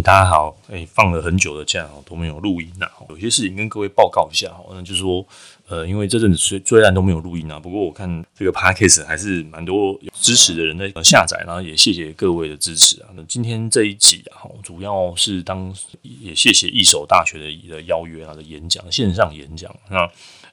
大家好，哎，放了很久的假哦，都沒有錄音啊。有些事情跟各位報告一下哦，那就是說，呃，因為這陣子雖然都沒有錄音啊。不過我看這個 podcast 還是蠻多有支持的人在下載，然後也謝謝各位的支持啊。那今天這一集啊，哈，主要是當也謝謝一手大學的一個邀約啊的演講，線上演講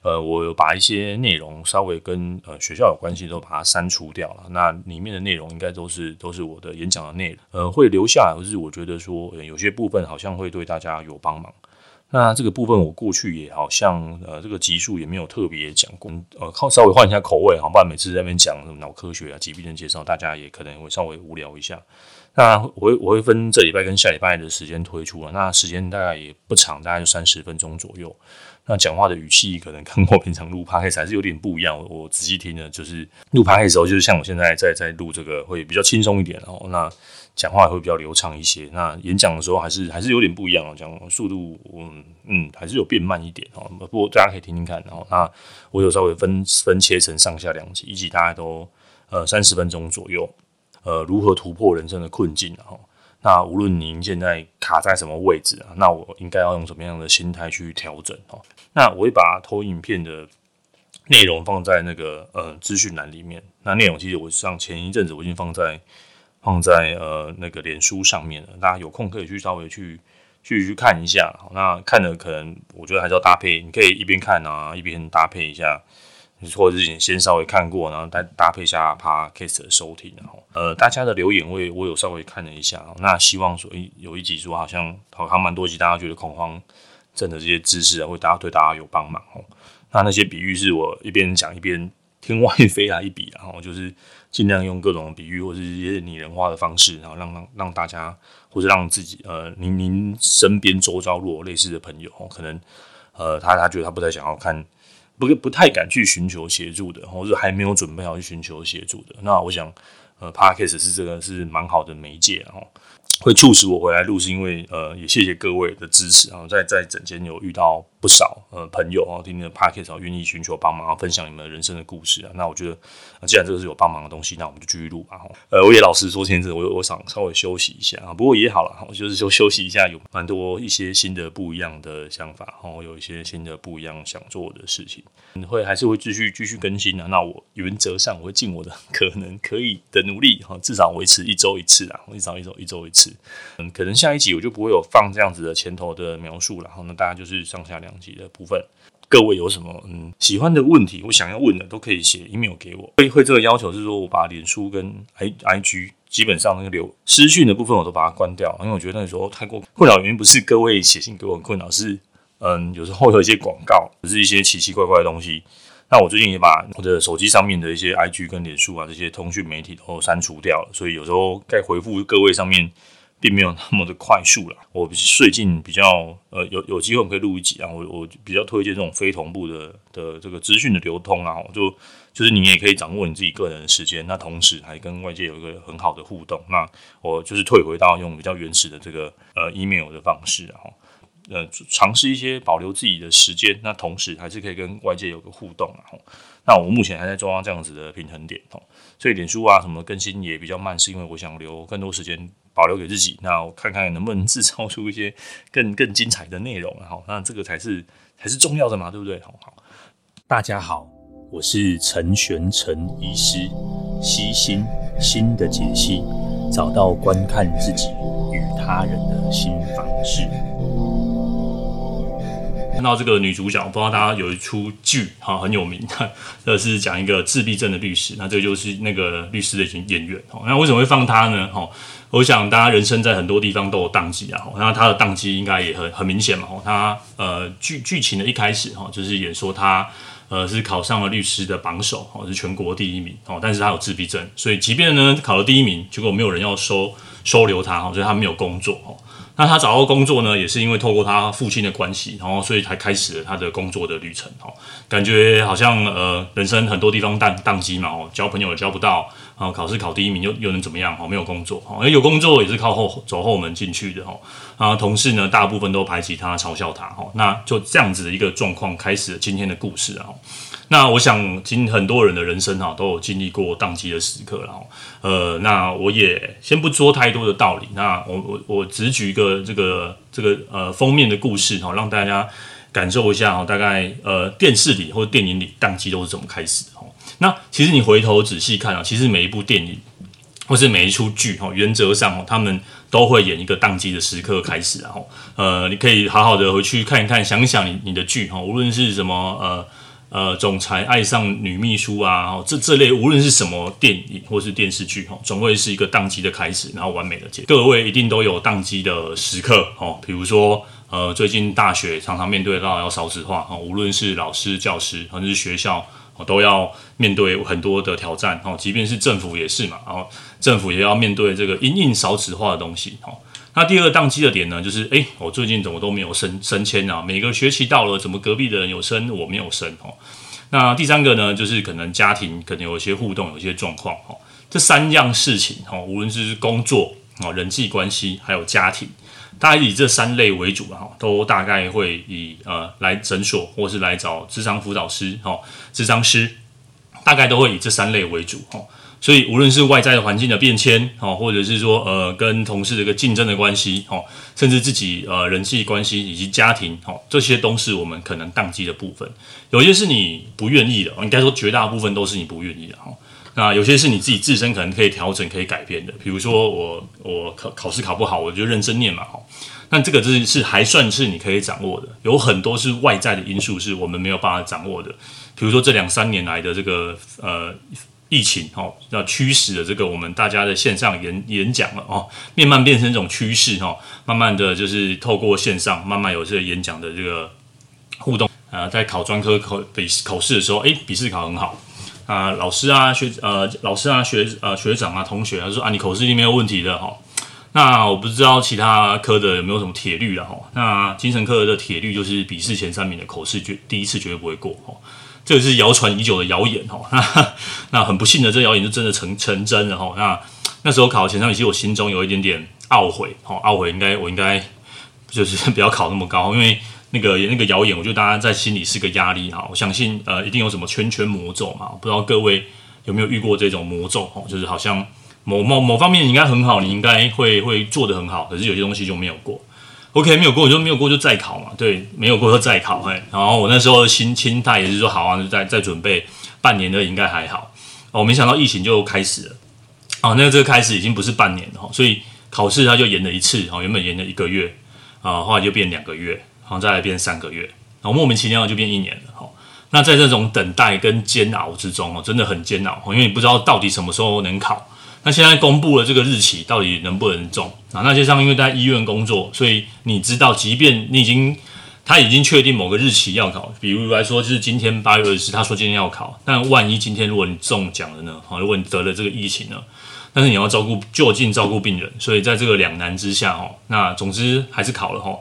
呃，我有把一些內容稍微跟呃學校有關係都把它刪除掉了。那裡面的內容應該都是都是我的演講的內容。呃，會留下來，是我覺得說、呃、有些部分好像會對大家有幫忙。那這個部分我過去也好像呃這個級數也沒有特別講過、嗯。呃，靠稍微換一下口味，好，不然每次在那邊講什麼腦科學啊、疾病的介紹，大家也可能會稍微無聊一下。那我會我會分這禮拜跟下禮拜的時間推出啊。那時間大概也不長，大概就三十分鐘左右。那講話的語氣可能跟我平常錄 podcast 還是有點不一樣。我，我仔細聽的就是錄 podcast 時候，就是像我現在在在錄這個會比較輕鬆一點、喔，然後那講話也會比較流暢一些。那演講的時候還是還是有點不一樣哦、喔，講速度我嗯嗯還是有變慢一點哦、喔。不過大家可以聽聽看、喔，然後那我有稍微分分切成上下兩集，一集大概都呃三十分鐘左右，呃如何突破人生的困境、喔那無論您現在卡在什麼位置啊，那我應該要用什麼樣的心態去調整哦？那我會把投影片的內容放在那個呃資訊欄裡面。那內容其實我上前一陣子我已經放在放在呃那個臉書上面了，大家有空可以去稍微去去去看一下。那看了可能我覺得還是要搭配，你可以一邊看啊，一邊搭配一下。你者是你先稍微看過，然後搭搭配下 Podcast 的收聽，然後呃，大家的留言我也我有稍微看了一下，那希望說，有一集說好像好像蠻多集，大家覺得恐慌症的這些知識啊，會大家對大家有幫忙哦。那那些比喻是我一邊講一邊天外飛來一筆，然後就是盡量用各種比喻或者一些擬人化的方式，然後讓讓讓大家或者讓自己呃，您您身邊周遭若類似的朋友，可能呃，他他覺得他不太想要看。不不太敢去尋求協助的，或是還沒有準備好去尋求協助的，那我想，呃，Podcast 是這個是蠻好的媒介，哈，會促使我回來錄，是因為，呃，也謝謝各位的支持，然後在在診間有遇到。不少呃朋友 cast, 哦，聽你的 podcast 好願意尋求幫忙，啊，分享你們人生的故事啊。那我覺得，啊，既然這個是有幫忙的東西，那我們就繼續錄吧。哈，哦，呃，我也老實說，前陣我我想稍微休息一下啊。不過也好了，我就是休休息一下，有蠻多一些新的不一樣的想法，哈，哦，有一些新的不一樣想做的事情。你、嗯，會還是會繼續繼續更新的，啊。那我原則上我會盡我的可能可以的努力，哈，啊，至少維持一周一次啊，一早一早一周一次。嗯，可能下一集我就不會有放這樣子的前頭的描述，然、啊、後那大家就是上下兩。的部分，各位有什麼嗯喜歡的問題，我想要問的都可以寫 email 給我。會會這個要求是說，我把臉書跟 I IG 基本上那個留私訊的部分我都把它關掉，因為我覺得那時候太過困擾。原因不是各位寫信給我困擾，是嗯有時候會有一些廣告，只是一些奇奇怪怪的東西。那我最近也把我的手機上面的一些 IG 跟臉書啊這些通訊媒體都刪除掉了，所以有時候該回復各位上面。並沒有那麼的快速啦。我最近比較呃有有機會可以錄一集啊，我我比較推薦這種非同步的的這個資訊的流通啊，就就是你也可以掌握你自己個人的時間，那同時還跟外界有一個很好的互動。那我就是退回到用比較原始的這個呃 email 的方式啊。呃，嘗試一些保留自己的時間，那同時還是可以跟外界有個互動啊。那我目前還在做這樣子的平衡點哦，所以臉書啊什麼更新也比較慢，是因為我想留更多時間保留給自己。那我看看能不能製造出一些更更精彩的內容啊。那這個才是才是重要的嘛，對不對？好，大家好，我是陳玄成醫師，析心，新的解析，找到觀看自己與他人的新方式。看到這個女主角，我不知道大家有一出劇哈，很有名，呃，是講一個自閉症的律師，那這個就是那個律師的一群演員。那為什麼會放她呢？哈，我想大家人生在很多地方都有當機啊，那她的當機應該也很很明顯嘛。她呃劇劇情的一開始哈，就是演說她呃是考上了律師的榜首，是全國第一名哦，但是她有自閉症，所以即便呢考了第一名，結果沒有人要收收留她。所以她沒有工作。那他找到工作呢，也是因為透過他父親的關係，然後所以才開始了他的工作的旅程哦。感覺好像呃，人生很多地方當當機嘛哦，交朋友也交不到。考試考第一名又又能怎麼樣？沒有工作哦，有工作也是靠後走後門進去的。然後同事呢，大部分都排擠他、嘲笑他。那就這樣子的一個狀況，開始了今天的故事啊。那我想，經很多人的人生哈、啊，都有經歷過當機的時刻、哦、呃，那我也先不說太多的道理，那我我我只舉一個這個這個呃封面的故事哈、啊，讓大家感受一下哈、啊。大概呃電視裡或電影裡當機都是怎麼開始的哈、啊。那其實你回頭仔細看啊，其實每一部電影或是每一出劇哈、啊，原則上哈、啊，他們都會演一個當機的時刻開始然、啊、後呃，你可以好好的回去看一看，想一想你你的劇哈、啊，無論是什麼呃。呃，總裁愛上女秘書啊，哦、這這類無論是什麼電影或是電視劇，吼、哦，總會是一個當機的開始，然後完美的結。各位一定都有當機的時刻，吼、哦，比如說呃，最近大學常常面對到要少子化，哦，無論是老師、教師還是學校、哦，都要面對很多的挑戰，哦，即便是政府也是嘛，然、哦、後政府也要面對這個因應少子化的東西，哦。那第二個宕機的點呢，就是誒、欸、我最近怎麼都沒有升升遷啊？每個學期到了，怎麼隔壁的人有升，我沒有升哦。那第三個呢，就是可能家庭可能有一些互動，有一些狀況哦。這三樣事情哦，無論是工作、哦、人際關係，還有家庭，大概以這三類為主哈、哦，都大概會以呃來診所或是來找諮商輔導師哦，諮商師大概都會以這三類為主哦。所以，無論是外在的環境的變遷，或者是說，呃，跟同事的一個競爭的關係，甚至自己呃人際關係以及家庭，這些都是我們可能當機的部分。有些是你不願意的，應該說，絕大部分都是你不願意的，哈。那有些是你自己自身可能可以調整、可以改變的。比如說我，我我考考試考不好，我就認真念嘛，哈。那這個是是還算是你可以掌握的。有很多是外在的因素是我們沒有辦法掌握的。比如說，這兩三年來的這個呃。疫情哦，要驅使的這個，我們大家的線上演演講了哦，慢慢變成一種趨勢哈。慢慢的就是透過線上，慢慢有這個演講的這個互動啊、呃，在考專科考筆試考試的時候，哎、欸，筆試考很好啊，老師啊學呃老師啊學呃學長啊同學說啊說啊，你口試裡面沒有問題的哈、哦。那我不知道其他科的有沒有什麼鐵律了哈、哦。那精神科的鐵律就是筆試前三名的口試絕第一次絕對不會過哈。哦這個是謠傳已久的謠言哦，那很不幸的，這個謠言就真的成成真了，吼，那那時候考的前上，其實我心中有一點點懊悔，好懊悔應，應該我應該就是不要考那麼高，因為那個那個謠言，我覺得大家在心裡是個壓力哈，我相信呃，一定有什麼圈圈魔咒哈，不知道各位有沒有遇過這種魔咒，哦，就是好像某某某方面應該很好，你應該會會做得很好，可是有些東西就沒有過。OK，沒有過我就沒有過就再考嘛，對，沒有過就再考，哎，然後我那時候的心心態也是說，好啊，就再再準備半年的應該還好，哦，沒想到疫情就開始了，哦，那個、這個開始已經不是半年了，所以考試它就延了一次，哦，原本延了一個月，啊，後來就變兩個月，然後再來變三個月，然後莫名其妙就變一年了，哈，那在這種等待跟煎熬之中，哦，真的很煎熬，因為你不知道到底什麼時候能考。那現在公布了這個日期，到底能不能中啊？那就像因為在醫院工作，所以你知道，即便你已經他已經確定某個日期要考，比如來說就是今天八月二十，他說今天要考。但萬一今天如果你中獎了呢？哦，如果你得了這個疫情呢？但是你要，要照顧就近照顧病人，所以在這個兩難之下哦，那總之還是考了哈。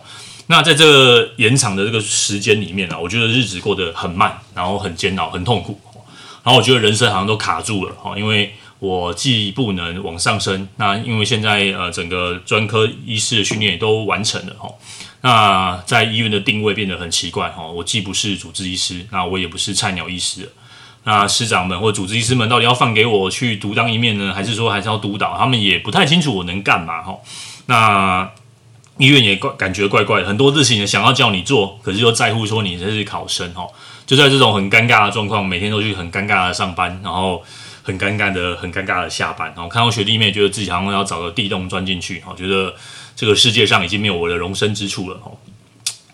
那在這個延長的這個時間裡面呢，我覺得日子過得很慢，然後很煎熬，很痛苦，然後我覺得人生好像都卡住了哦，因為。我既不能往上升，那因為現在呃整個專科醫師的訓練也都完成了吼，那在醫院的定位變得很奇怪吼。我既不是主治醫師，那我也不是菜鳥醫師。那師長們或主治醫師們到底要放給我去獨當一面呢，還是說還是要督導？他們也不太清楚我能幹嘛吼，那醫院也怪，感覺怪怪的，很多事情想要叫你做，可是又在乎說你是考生哈。就在這種很尷尬的狀況，每天都去很尷尬的上班，然後。很尷尬的，很尷尬的下班哦，然後看到學弟妹，覺得自己好像要找個地洞鑽進去哦，覺得這個世界上已經沒有我的容身之處了。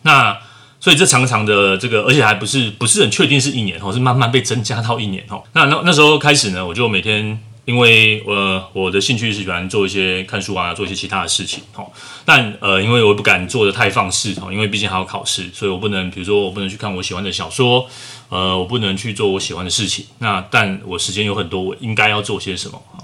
那所以這長長的這個，而且還不是不是很確定是一年哦，是慢慢被增加到一年哦。那那那時候開始呢，我就每天。因為呃，我的興趣是喜歡做一些看書啊，做一些其他的事情哈。但呃，因為我不敢做的太放肆哦，因為畢竟還要考試，所以我不能，比如說我不能去看我喜歡的小說，呃，我不能去做我喜歡的事情。那但我時間有很多，我應該要做些什麼啊？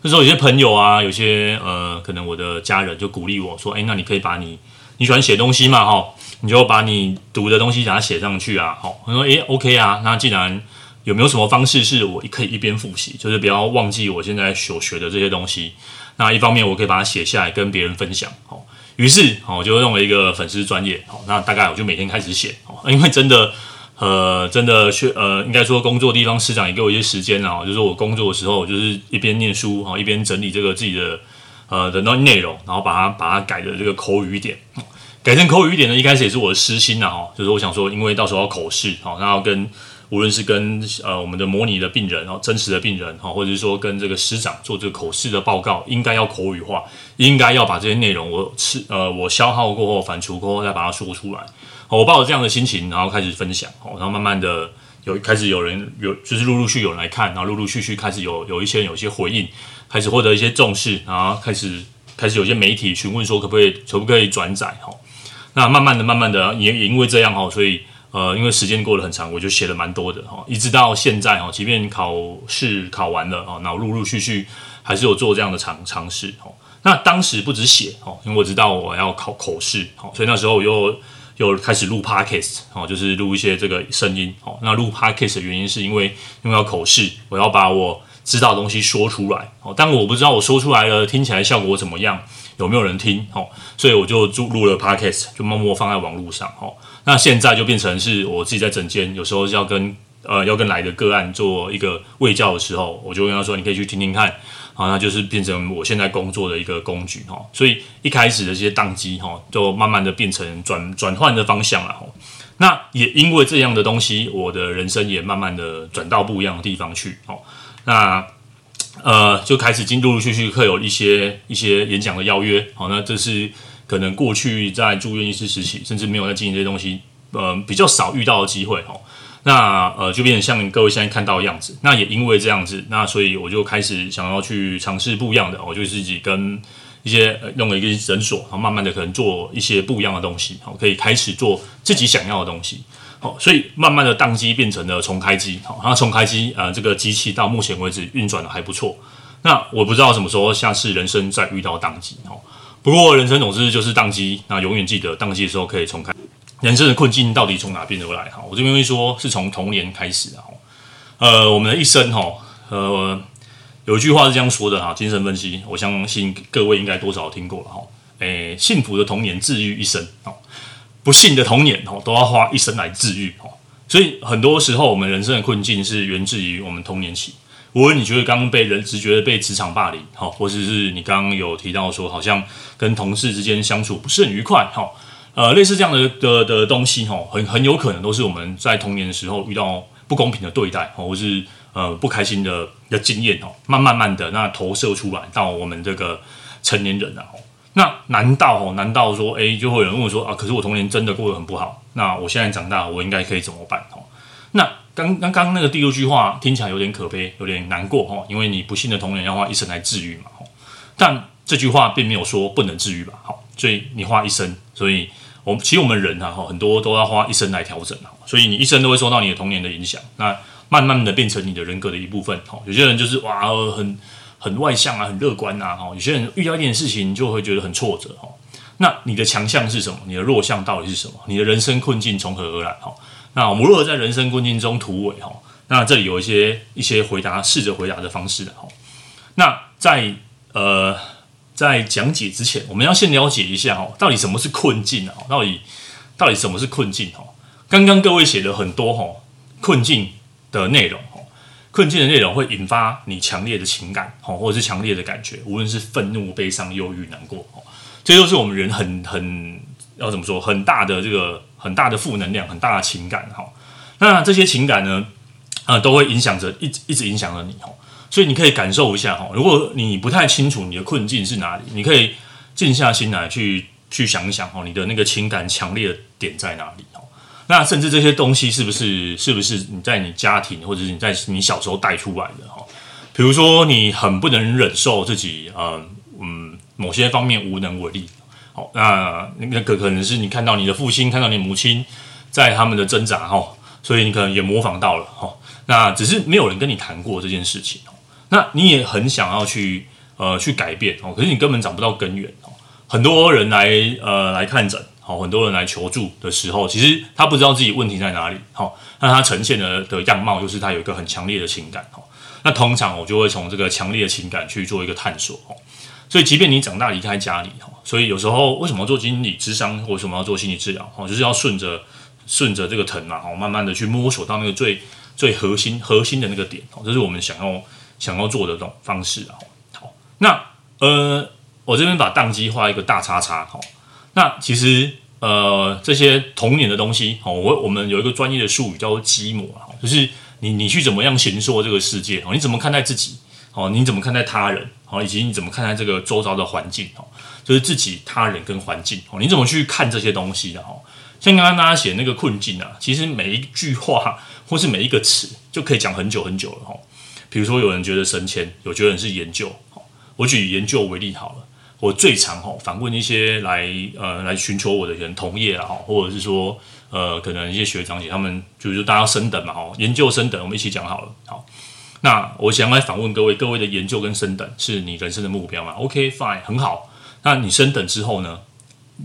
那時候有些朋友啊，有些呃，可能我的家人就鼓勵我說：“誒，那你可以把你你喜歡寫東西嘛，哈，你就把你讀的東西把它寫上去啊。”好，我說：“誒，OK 啊，那既然。”有沒有什麼方式是我可以一邊複習，就是不要忘記我現在所學的這些東西？那一方面，我可以把它寫下來跟別人分享。哦，於是，哦，我就用了一個粉絲專頁。那大概我就每天開始寫。因為真的，呃，真的學，呃，應該說工作的地方市長也給我一些時間啊。就是我工作的時候，我就是一邊念書，哈，一邊整理這個自己的呃的內容，然後把它把它改的這個口語一點，改成口語一點呢。一開始也是我的私心啊，就是我想說，因為到時候要口試，好，那要跟。無論是跟呃我們的模擬的病人，然後真實的病人，哈，或者是說跟這個師長做這個口試的報告，應該要口語化，應該要把這些內容我吃呃我消耗過後，反芻過後再把它說出來。我抱着這樣的心情，然後開始分享，然後慢慢的有開始有人有就是陸陸續續有人來看，然後陸陸續續開始有有一些人有一些回應，開始獲得一些重視，然後開始開始有些媒體詢問說可不可以可不可以轉載，哈，那慢慢的慢慢的也也因為這樣，哈，所以。呃，因為時間過得很長，我就寫了蠻多的哈、哦，一直到現在哈、哦，即便考試考完了哦，那陸陸續續還是有做這樣的嘗嘗試哦。那當時不止寫哦，因為我知道我要考口試、哦、所以那時候我又又開始錄 podcast、哦、就是錄一些這個聲音哦。那錄 podcast 的原因是因為用到要口試，我要把我知道的東西說出來哦，但我不知道我說出來的聽起來效果怎麼樣，有沒有人聽哦，所以我就錄了 podcast，就默默放在網路上哦。那現在就變成是我自己在診間，有時候要跟呃要跟來的個案做一個衛教的時候，我就跟他說：“你可以去聽聽看，啊。”好，那就是變成我現在工作的一個工具哦。所以一開始的這些宕機哈，就慢慢的變成轉轉換的方向了哦。那也因為這樣的東西，我的人生也慢慢的轉到不一樣的地方去哦。那呃，就開始經陸陸續續會有一些一些演講的邀約。好，哦，那這是。可能過去在住院醫師時期，甚至沒有在經營這些東西，呃，比較少遇到的機會哦、喔。那呃，就變成像各位現在看到的樣子。那也因為這樣子，那所以我就開始想要去嘗試不一樣的，我、喔、就自己跟一些弄了、呃、一個診所，然、喔、後慢慢的可能做一些不一樣的東西，好、喔，可以開始做自己想要的東西。好、喔，所以慢慢的宕機變成了重開機，好、喔，然後重開機，呃，這個機器到目前為止運轉得還不錯。那我不知道什麼時候下次人生再遇到宕機哦。喔不過人生總之就是當機，那永遠記得當機的時候可以重開。人生的困境到底從哪邊而來？哈，我這邊會說是從童年開始的哈。呃，我們的一生哈，呃，有一句話是這樣說的哈，精神分析，我相信各位應該多少聽過了哈，哎，幸福的童年治癒一生，不幸的童年哦，都要花一生來治癒。所以很多時候我們人生的困境是源自於我們童年期。無論你覺得剛剛被人直覺得被職場霸凌，好，或者是你剛剛有提到說好像跟同事之間相處不是很愉快，好，呃，類似這樣的的的東西，哈，很很有可能都是我們在童年的時候遇到不公平的對待，或是呃不開心的的經驗，哦，慢慢慢的那投射出來到我們這個成年人啊，那難道哦，難道說，哎，就會有人問我說啊，可是我童年真的過得很不好，那我現在長大，我應該可以怎麼辦？那剛剛剛那個第六句話聽起來有點可悲，有點難過，因為你不幸的童年要花一生來治癒嘛，但這句話並沒有說不能治癒吧？好，所以你花一生，所以我們其實我們人啊哈，很多都要花一生來調整。所以你一生都會受到你的童年的影響，那慢慢的變成你的人格的一部分哈。有些人就是哇，很很外向啊，很樂觀啊哈，有些人遇到一點事情就會覺得很挫折哈。那你的強項是什麼？你的弱項到底是什麼？你的人生困境從何而來哈？那我們如何在人生困境中突圍？哈，那這裡有一些一些回答，試着回答的方式哈。那在呃在講解之前，我們要先了解一下，到底什麼是困境？到底到底什麼是困境？哈，剛剛各位寫的很多哈，困境的內容，困境的內容會引發你強烈的情感哈，或者是強烈的感覺，無論是憤怒、悲傷、憂鬱、難過，這都是我們人很很要怎麼說很大的這個。很大的負能量，很大的情感哈。那這些情感呢，啊、呃，都會影響着一一直影響着你哈。所以你可以感受一下哈。如果你不太清楚你的困境是哪裡，你可以靜下心來去去想一想哈。你的那個情感強烈的點在哪裡哈？那甚至這些東西是不是是不是你在你家庭或者是你在你小時候帶出來的哈？比如說你很不能忍受自己，嗯、呃、嗯，某些方面無能為力。那那個可能是你看到你的父親，看到你母親在他們的掙扎哈，所以你可能也模仿到了哈。那只是沒有人跟你談過這件事情。那你也很想要去呃去改變哦，可是你根本找不到根源哦。很多人來呃來看診好，很多人來求助的時候，其實他不知道自己問題在哪裡好，那他呈現的的樣貌就是他有一個很強烈的情感。那通常我就會從這個強烈的情感去做一個探索哦。所以，即便你長大離開家裡，哈，所以有時候為什麼要做心理諮商，或為什麼要做心理治療，哈，就是要順着順着這個藤嘛，好，慢慢的去摸索到那個最最核心核心的那個點，哦，這是我們想要想要做的這種方式啊。好，那呃，我這邊把當機畫一個大叉叉，那其實呃，這些童年的東西，哦，我我們有一個專業的術語叫做基模，就是你你去怎麼樣形塑這個世界，好，你怎麼看待自己？哦，你怎麼看待他人？好，以及你怎麼看待這個周遭的環境？哦，就是自己、他人跟環境哦，你怎麼去看這些東西的？哦，像剛剛大家寫那個困境啊，其實每一句話或是每一個詞就可以講很久很久了。哦，比如說有人覺得升遷，有覺得是研究。哦，我舉研究為例好了。我最常反問一些來呃來尋求我的人，同業也好，或者是說呃可能一些學長姐他們就，就大家升等嘛，哦，研究升等，我們一起講好了。好。那我想來反問各位，各位的研究跟升等是你人生的目標嗎？OK，fine，、okay, 很好。那你升等之後呢？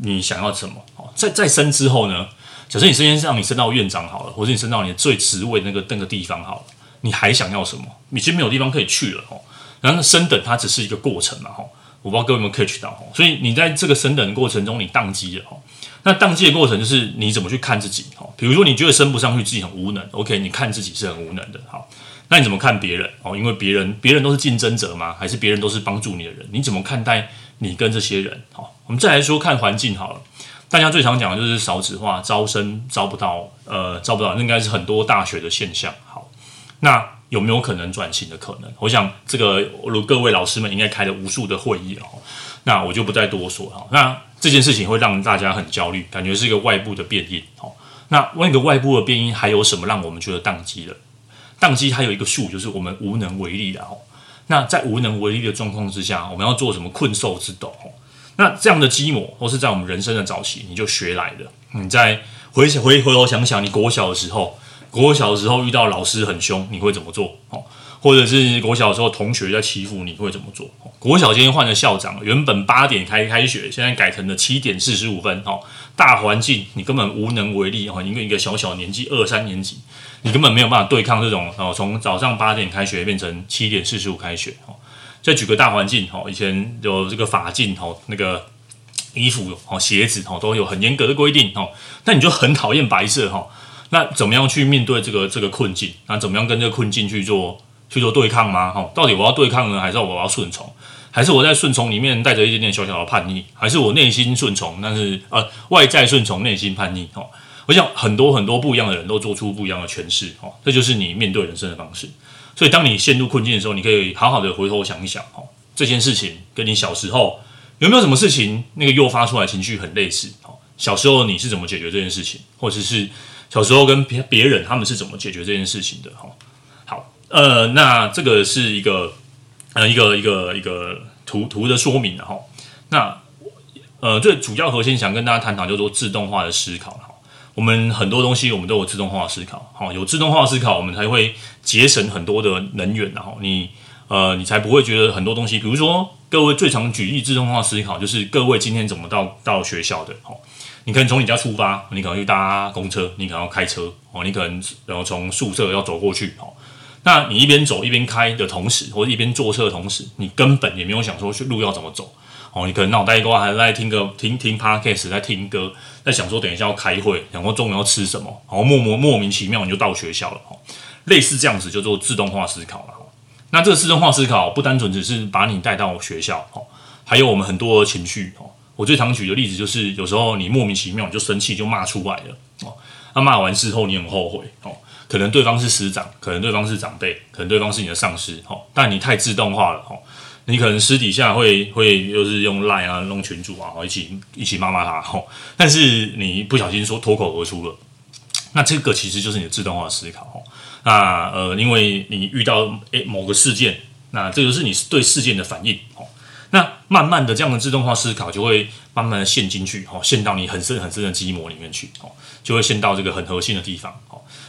你想要什麼？哦，再再升之後呢？假設你升先是讓你升到院長好了，或者你升到你的最職位那個那個地方好了，你還想要什麼？你其實沒有地方可以去了哦。然後升等它只是一個過程嘛，吼。我不知道各位有沒有 catch 到吼。所以你在這個升等的過程中，你宕機了吼。那宕機的過程就是你怎麼去看自己？哦，比如說你覺得升不上去，自己很無能。OK，你看自己是很無能的，那你怎麼看別人哦？因為別人，別人都是競爭者嗎？還是別人都是幫助你的人？你怎麼看待你跟這些人？好，我們再來說看環境好了。大家最常講的就是少子化，招生，招不到，呃，招不到，那應該是很多大學的現象。好，那有沒有可能轉型的可能？我想這個，如各位老師們應該開了無數的會議了，那我就不再多說哈。那這件事情會讓大家很焦慮，感覺是一個外部的變因。好，那那個外部的變因還有什麼讓我們覺得當機的？當機它有一個數，就是我們無能為力的哦。那在無能為力的狀況之下，我們要做什麼困獸之鬥？那這樣的基模，都是在我們人生的早期你就學來的。你再回回回頭想想，你國小的時候，國小的時候遇到老師很凶，你會怎麼做？哦。或者是國小的時候同學在欺負你，會怎麼做？國小今天換了校長，原本八點開開學，現在改成了七點四十五分。哦，大環境你根本無能為力哦，因為一個小小年紀二三年級，你根本沒有辦法對抗這種哦。從早上八點開學變成七點四十五開學哦。再舉個大環境，以前有這個髮禁，那個衣服、鞋子都有很嚴格的規定哦。那你就很討厭白色哈？那怎麼樣去面對這個這個困境？那怎麼樣跟這個困境去做？去做對抗嗎？哈，到底我要對抗呢，還是我要順從？還是我在順從裡面帶着一點點小小的叛逆？還是我內心順從，但是呃外在順從，內心叛逆？哈，我想很多很多不一樣的人都做出不一樣的詮釋。哈，這就是你面對人生的方式。所以，當你陷入困境的時候，你可以好好的回頭想一想。哈，這件事情跟你小時候有沒有什麼事情那個誘發出來情緒很類似？哈，小時候你是怎麼解決這件事情，或者是小時候跟別別人他們是怎麼解決這件事情的？哈。呃，那這個是一個呃一個一個一個圖圖的說明，那呃最主要核心想跟大家談談就是說，自動化的思考，我們很多東西我們都有自動化思考，好，有自動化思考，我們才會節省很多的能源，然後你呃你才不會覺得很多東西，比如說各位最常舉例自動化思考，就是各位今天怎麼到到學校的，你可以從你家出發，你可能去搭公車，你可能要開車哦，你可能然後從宿舍要走過去哦。那你一邊走一邊開的同時，或者一邊坐車的同時，你根本也沒有想說去路要怎麼走哦。你可能腦袋瓜還在聽歌，聽聽 podcast，在聽歌，在想說等一下要開會，然後中午要吃什麼，然、哦、後莫莫莫名其妙你就到學校了哦。類似這樣子就做自動化思考了。哦、那這個自動化思考不單純只是把你帶到學校哦，還有我們很多的情緒哦。我最常舉的例子就是，有時候你莫名其妙你就生氣就罵出來了哦。那、啊、罵完之後你很後悔哦。可能對方是師長，可能對方是長輩，可能對方是你的上司，吼，但你太自動化了，你可能私底下會會又是用 LINE 啊，弄群組啊，一起一起罵罵他，但是你不小心說脫口而出了，那這個其實就是你的自動化思考。那呃，因為你遇到誒某個事件，那這就是你對事件的反應。那慢慢的這樣的自動化思考就會慢慢的陷進去，吼，陷到你很深很深的基模裡面去，就會陷到這個很核心的地方，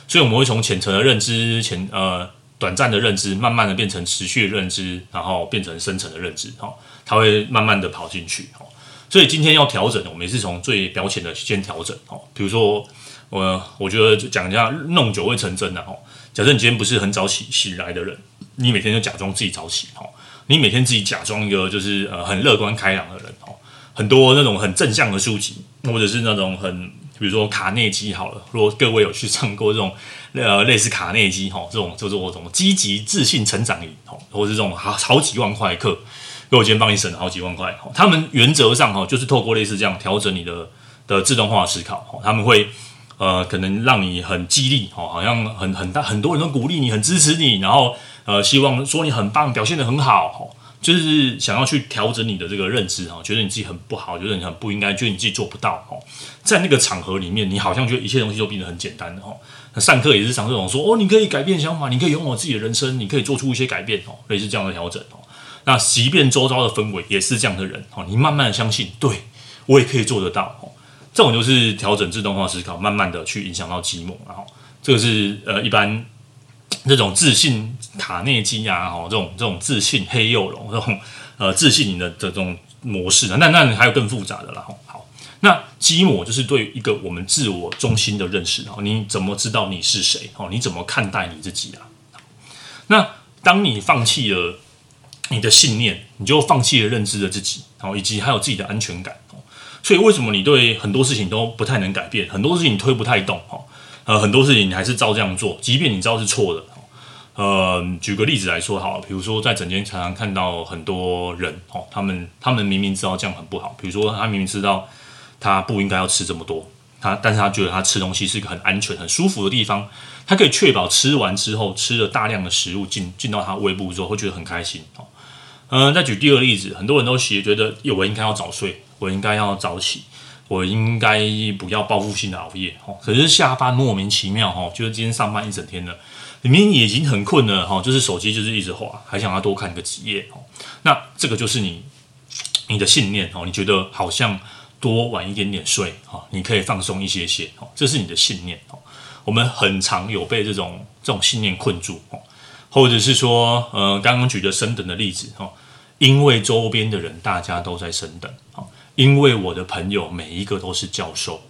所以我們會從淺層的認知，淺呃短暫的認知，慢慢的變成持續的認知，然後變成深層的認知，哈、哦，它會慢慢的跑進去、哦，所以今天要調整的，我們也是從最表淺的先調整，哈、哦，比如說我我覺得講一下弄久會成真的哈、哦，假設你今天不是很早起起來的人，你每天就假裝自己早起，哈、哦，你每天自己假裝一個就是呃很樂觀開朗的人，哈、哦，很多那種很正向的書籍，或者是那種很，比如說卡內基好了，如果各位有去上過這種呃類似卡內基哈這種就是我這積極自信成長營哦，或者是這種好好幾萬塊的課，我今天幫你省了好幾萬塊，他們原則上哈就是透過類似這樣調整你的的自動化思考，他們會呃可能讓你很激勵哦，好像很很大，很多人都鼓勵你，很支持你，然後呃希望說你很棒，表現得很好。就是想要去調整你的這個認知哈，覺得你自己很不好，覺得你很不應該，覺得你自己做不到哦。在那個場合裡面，你好像覺得一切東西都變得很簡單的哦。那上課也是常這種說哦，你可以改變想法，你可以擁有自己的人生，你可以做出一些改變哦，類似這樣的調整哦。那即便周遭的氛圍也是這樣的人哦，你慢慢相信，對，我也可以做得到哦。這種就是調整自動化思考，慢慢的去影響到基模，然後這個是呃一般。這種自信，卡內基啊，哦，這種這種自信，黑幼龍這種呃自信你的這種模式，那那還有更複雜的了。好，那基模就是對於一個我們自我中心的認識，然後你怎麼知道你是誰？哦，你怎麼看待你自己啊？那當你放棄了你的信念，你就放棄了認知的自己，然後以及還有自己的安全感哦。所以為什麼你對很多事情都不太能改變，很多事情你推不太動？哈，呃，很多事情你還是照這樣做，即便你知道是錯的。呃，舉個例子來說好，比如說在整天常常看到很多人，哦，他們他們明明知道這樣很不好，比如說他明明知道他不應該要吃這麼多，他但是他覺得他吃東西是一個很安全、很舒服的地方，他可以確保吃完之後吃了大量的食物進進到他胃部之後會覺得很開心哦。嗯，呃，再舉第二個例子，很多人都學覺得，我應該要早睡，我應該要早起，我應該不要報復性的熬夜哦。可是下班莫名其妙哦，就是今天上班一整天的。明明已經很困了哈，就是手機就是一直滑，還想要多看個幾頁哦。那這個就是你你的信念哈，你覺得好像多晚一點點睡哈，你可以放鬆一些些哦，這是你的信念哈，我們很常有被這種這種信念困住哈，或者是說呃，剛剛舉的升等的例子哈，因為周邊的人大家都在升等哈，因為我的朋友每一個都是教授。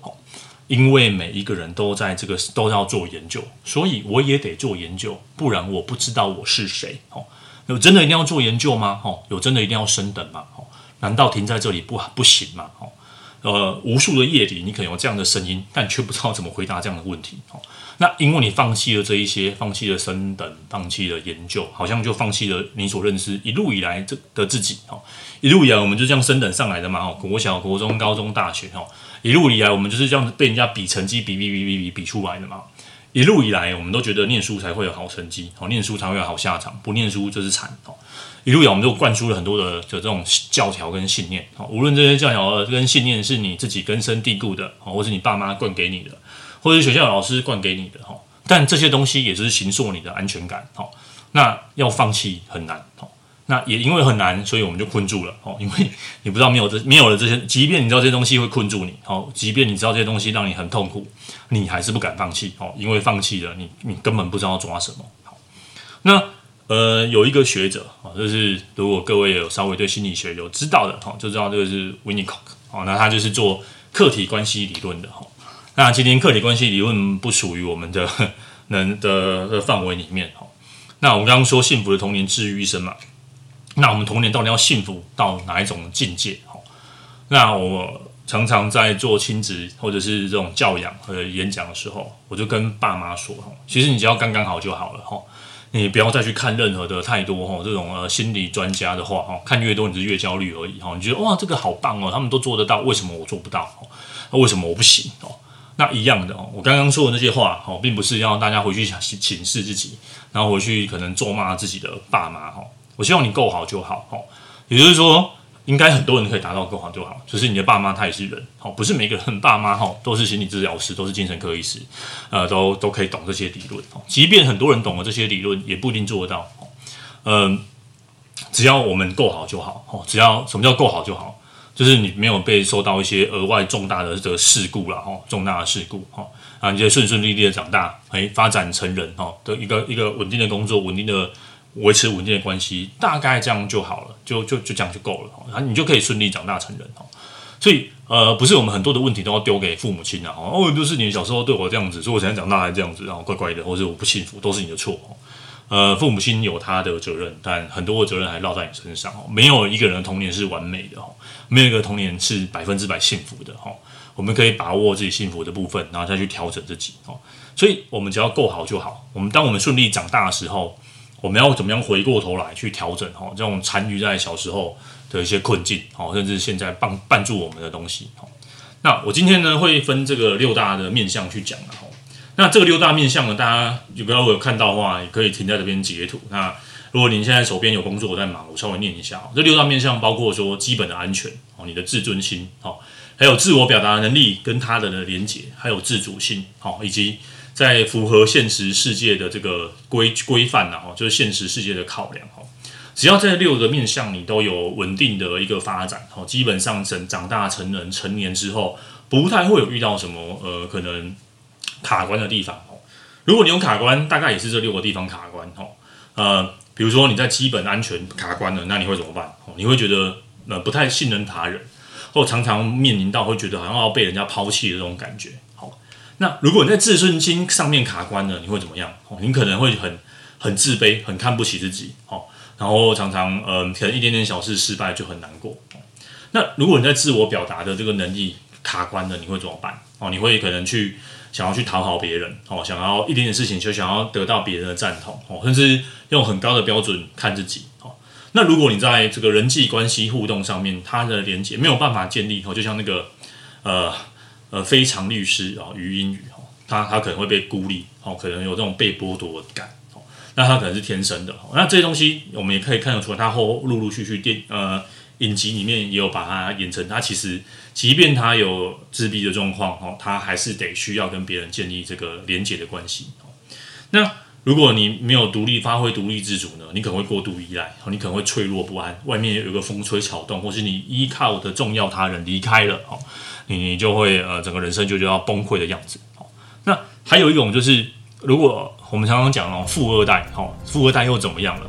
因為每一個人都在這個都要做研究，所以我也得做研究，不然我不知道我是誰。哦，有真的一定要做研究嗎？哦，有真的一定要升等嗎？哦，難道停在這裡不不行嗎？哦，呃，無數的夜裡，你可能有這樣的聲音，但卻不知道怎麼回答這樣的問題。哦，那因為你放棄了這一些，放棄了升等，放棄了研究，好像就放棄了你所認識一路以來這的自己。哦，一路以來，以來我們就這樣升等上來的嘛。哦，國小、國中、高中、大學。哦。一路以來，我們就是這樣被人家比成績、比比比比比，比出來的嘛。一路以來，我們都覺得唸書才會有好成績，哦，唸書才會有好下場，不唸書就是慘，哦。一路以來，我們就灌輸了很多的的這種教條跟信念哦。無論這些教條跟信念是你自己根深蒂固的，哦，或是你爸媽灌給你的，或是學校老師灌給你的哈，哦。但這些東西也是形塑你的安全感，哦，那要放棄很難，哦。那也因為很難，所以我們就困住了哦。因為你不知道沒有這沒有了這些，即便你知道這些東西會困住你哦，即便你知道這些東西讓你很痛苦，你還是不敢放棄哦。因為放棄了，你你根本不知道要抓什麼。那呃，有一個學者啊，就是如果各位有稍微對心理學有知道的哈，就知道這個是 Winnicott 哦。那他就是做客體關係理論的哈。那今天客體關係理論不屬於我們的能的，的範圍裡面哈。那我們剛剛說幸福的童年治癒一生嘛。那我們童年到底要幸福到哪一種境界？哈，那我常常在做親子或者是這種教養和演講的時候，我就跟爸媽說：其實你只要剛剛好就好了，哈，你不要再去看任何的太多哈，這種呃心理專家的話，哈，看越多你就越焦慮而已，哈，你覺得哇，這個好棒哦，他們都做得到，為什麼我做不到？那為什麼我不行？哦，那一樣的哦，我剛剛說的那些話，哦，並不是要大家回去想請示自己，然後回去可能咒罵自己的爸媽，哈。我希望你夠好就好，哦，也就是說，應該很多人可以達到夠好就好。就是你的爸媽他也是人，吼，不是每個人爸媽吼都是心理治療師，都是精神科醫師，呃，都都可以懂這些理論。即便很多人懂了這些理論，也不一定做得到。嗯、呃，只要我們夠好就好，吼，只要什麼叫夠好就好，就是你沒有被受到一些額外重大的這個事故了，吼，重大的事故，吼，啊，你就順順利利的長大，哎，發展成人，吼，的一個一個穩定的工作，穩定的。維持穩定的關係，大概這樣就好了，就就就這樣就夠了，然後你就可以順利長大成人。所以，呃，不是我們很多的問題都要丟給父母親啊，哦，就是你小時候對我這樣子，如果我現在長大還是這樣子，然後怪怪的，或者我不幸福，都是你的錯。呃，父母親有他的責任，但很多的責任還落在你身上哦。沒有一個人的童年是完美的，沒有一個童年是百分之百幸福的哈。我們可以把握自己幸福的部分，然後再去調整自己哦。所以，我們只要夠好就好。我們當我們順利長大的時候。我們要怎麼樣回過頭來去調整哈？這種殘餘在小時候的一些困境，甚至現在絆絆住我們的東西，那我今天呢會分這個六大的面向去講了。那這個六大面向呢，大家如果有看到的話，也可以停在這邊截圖。那如果您現在手邊有工作我在忙，我稍微念一下。這六大面向包括說基本的安全，哦，你的自尊心，哦，還有自我表達能力跟他的連接，還有自主性，以及。在符合現實世界的這個規規範吶，哈，就是現實世界的考量哈。只要在六個面向你都有穩定的一個發展，哦，基本上成長大成人成年之後，不太會有遇到什麼呃可能卡關的地方哦。如果你有卡關，大概也是這六個地方卡關哦。呃，比如說你在基本安全卡關了，那你會怎麼辦？你會覺得呃不太信任他人，或常常面臨到會覺得好像要被人家拋棄的這種感覺。那如果你在自尊心上面卡關了，你會怎麼樣？哦，你可能會很很自卑，很看不起自己，哦，然後常常嗯、呃，可能一點點小事失敗就很難過。那如果你在自我表達的這個能力卡關了，你會怎麼辦？哦，你會可能去想要去討好別人，哦，想要一點點事情就想要得到別人的贊同，哦，甚至用很高的標準看自己，哦。那如果你在這個人際關係互動上面，他的連接沒有辦法建立，就像那個呃。呃，非常律師哦，禹英禑哦，他他可能會被孤立哦，可能有這種被剝奪感哦，那他可能是天生的哦，那這些東西我們也可以看得出來，他後陸陸續續電呃，影集裡面也有把他演成，他其實即便他有自閉的狀況哦，他還是得需要跟別人建立這個連結的關係、哦、那。如果你沒有獨立發揮獨立自主呢，你可能會過度依賴，你可能會脆弱不安。外面有個風吹草動，或是你依靠的重要他人離開了，你就會呃，整個人生就就要崩潰的樣子，那還有一種就是，如果我們常常講哦，富二代，哦，富二代又怎麼樣了？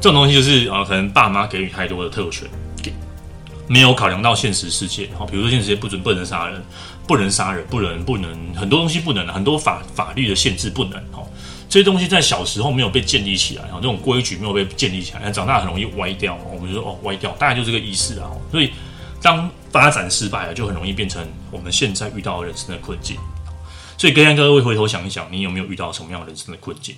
這種東西就是可能爸媽給予太多的特權，沒有考量到現實世界，比如說現實世界不准不能殺人，不能殺人，不能不能很多東西不能，很多法法律的限制不能，這些東西在小時候沒有被建立起來，啊，這種規矩沒有被建立起來，長大很容易歪掉。我們就說哦，歪掉，大概就這個意思啊。所以，當發展失敗了，就很容易變成我們現在遇到的人生的困境。所以，跟安哥各位回頭想一想，你有沒有遇到什麼樣的人生的困境？